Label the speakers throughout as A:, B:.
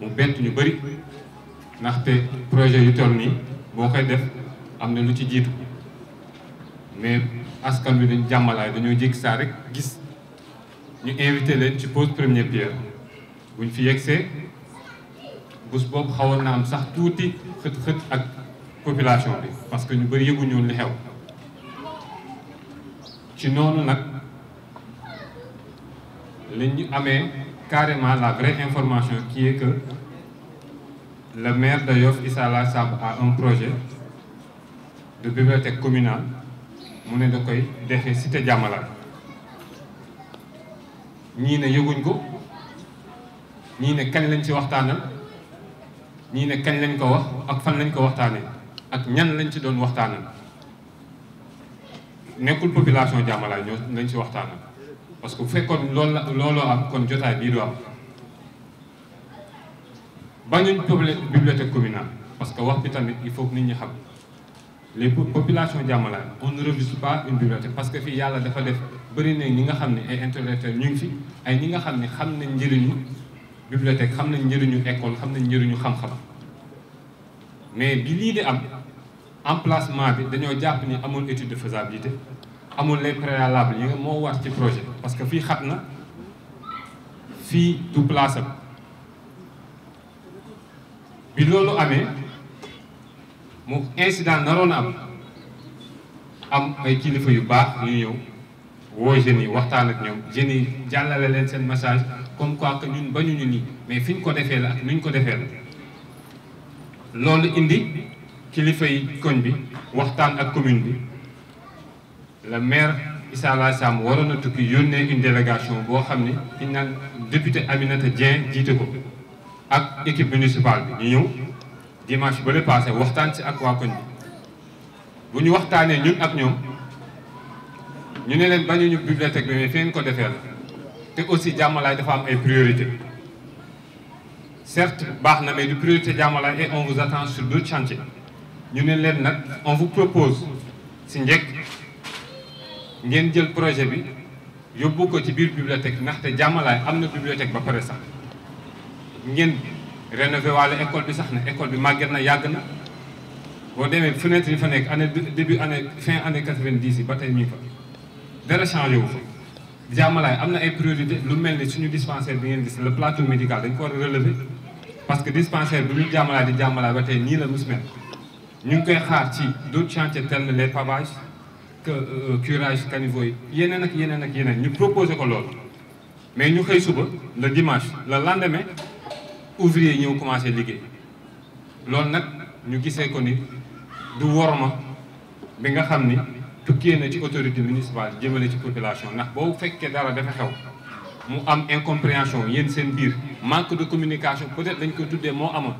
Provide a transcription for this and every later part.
A: mu bent ñu bëri ndaxte projet yu toll nii boo koy def am na lu ci jiitu mais askan bi dañ jàmmalaay dañoo jékki saa rek gis ñu invité leen ci pose première pierre buñ fi yegsee bés boobu xawoon na am sax tuuti xët xët ak population bi parce que ñu bëri yëguñu li xew ci noonu nag lañ ñu amee carrément la vraie information qui est que le maire de Yoff Issa Laye Samb a un projet de bibliothèque communale mu ne da koy defee cité Diamalaye ñii ne yëguñ ko ñii ne kañ lañ ci waxtaanal ñii ne kañ lañ ko wax ak fan lañ ko waxtaanee ak ñan lañ ci doon waxtaanal nekkul population Diamalaye ñoo lañ ci waxtaanal. parce que bu fekkoon loolu la looloo am kon jotaay bii du am bañuñ bibliothèque communale parce que wax bi tamit il faut que nit ñi xam les populations Diamalaye on ne refuse pas une bibliothèque parce que fii yàlla dafa def bëri na ñi nga xam ne ay intellectuels ñu ngi fi ay ñi nga xam ne xam nañ njëriñu bibliothèque xam nañ njëriñu école xam nañ njëriñu xam-xam mais bi lii de am emplacement bi dañoo jàpp ni amul étude de faisabilité amul les préalables yi nga moo war ci projet parce que fi xat na fii du place am bi loolu amee mu incident naroon am am ay kilifa yu baax yu ñëw woo jeunes yi waxtaan ak ñoom jeunes jàllale leen seen message comme quoi que ñun bañu ñu nii mais fi ñu ko defee la ak ñu ko defee la loolu indi kilifay koñ bi waxtaan ak commune bi le maire Issa sam Samb waroon na tukki yónnee une délégation boo xam ne ñu naan député Aminata Dieng jiite ko ak équipe municipale bi ñu ñëw dimanche ba le passé waxtaan si ak waa koñ bi bu ñu waxtaanee ñun ak ñoom ñu ne leen bañuñu bibliothèque bi mais fi ngeen ko defee la te aussi jàmmalaay dafa am ay priorité certes baax na mais du priorité jàmmalaay et on vous sur d'autres chantiers ñu ne leen nag on vous propose si njëkk ngeen jël projet bi yóbbu ko ci biir bibliothèque ndaxte jàmmalaay am na bibliothèque ba pare sax ngeen rénové waale école bi sax na école bi màgget na yàgg na boo demee fenêtre yi fa nekk année début année fin année quatre-vingt-dix ba tey ñu fa dara changé wu fa jàmmalaay am na ay priorité lu mel ni suñu dispensaire bi ngeen gis le plateau médical dañ ko war a relever parce que dispensaire bi ñu jàmmalaay di jàmmalaay ba tey nii la mus mel ñu ngi koy xaar ci d'autres chantiers tels les pavages Euh, curage caniveau yi yeneen ak yeneen ak yeneen ñu proposé ko loolu mais ñu xëy suba le dimanche le lendemain ouvrier ñëw commencé liggéey loolu nag ñu gisee ko ni du worma bi nga xam ni tukkee na ci autorité municipale jëmale ci population ndax boo fekkee dara dafa xew mu am incompréhension yéen seen biir manque de communication peut-être dañ koy tuddee moo amoon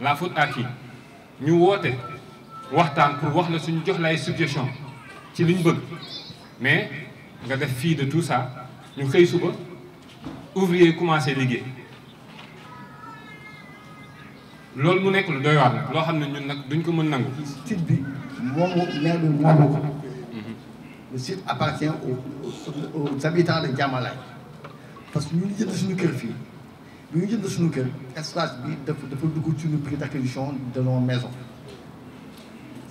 A: la faute à qui ñu woote waxtaan pour wax la suñu jox lay suggestion ci liñ bëgg mais nga def fii de tout ça ñu xëy suba ouvrier commencé liggéey loolu mu nekk lu doy waar nag loo xam ne ñun nag duñ ko mën nangu. site bi
B: moomu maire bi moomu ko.
A: le site appartient
B: aux aux habitants de Diamalaye parce que ñu ngi jënd suñu kër fii bu ñu jënd suñu kër espace bi dafa dafa dugg ci suñu prix d'acquisition de nos maisons.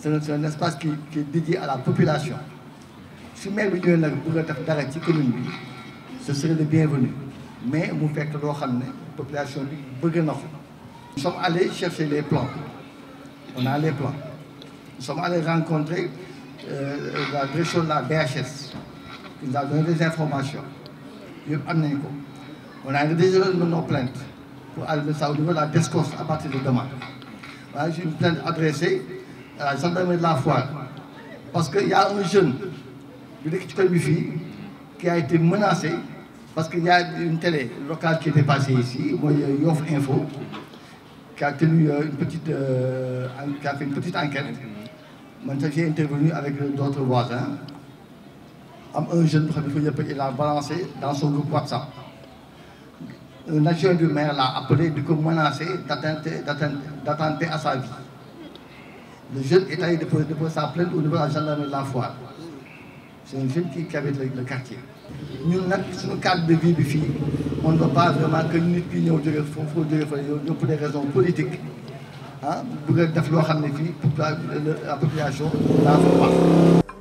B: c'est un espace qui qui est dédié à la population su maire bi ñëwee nag bëgg a def dara ci commune bi ce serait le bienvenu mais mu fekk loo xam ne population bi bëgg na ko. nous sommes allés chercher les plans on a les plans nous sommes allés rencontrer euh, la direction de la BHS nous a donné des informations yëpp am nañu ko on a déjà nos plaintes pour aller ça au niveau de la DSCOS à partir de demain voilà j'ai une plainte adressée. la gendarmerie de parce que y a un jeune bu nekk ci koñ bi fii a été menacé parce que y a une télé locale qui était passée ici mooy Yoff Info qui a tenu euh, euh, une petite enquête man sax intervenu avec euh, d'autres voisins am un jeune boo xam ne yëpp dans son groupe WhatsApp un du maire l'a appelé di ko menacé d'atteinte à sa vie Le jeune est allé déposer, sa plainte au niveau de la gendarmerie de la Foire. C'est un jeune qui, qui le, le quartier. ñun nag suñu cadre de vie bi fii on ne veut pas vraiment que nit ki ñëw jóge foofu jóge fa ñëw pour des raisons politiques ah bëgg a def loo xam ne fii pour la population daa fa wax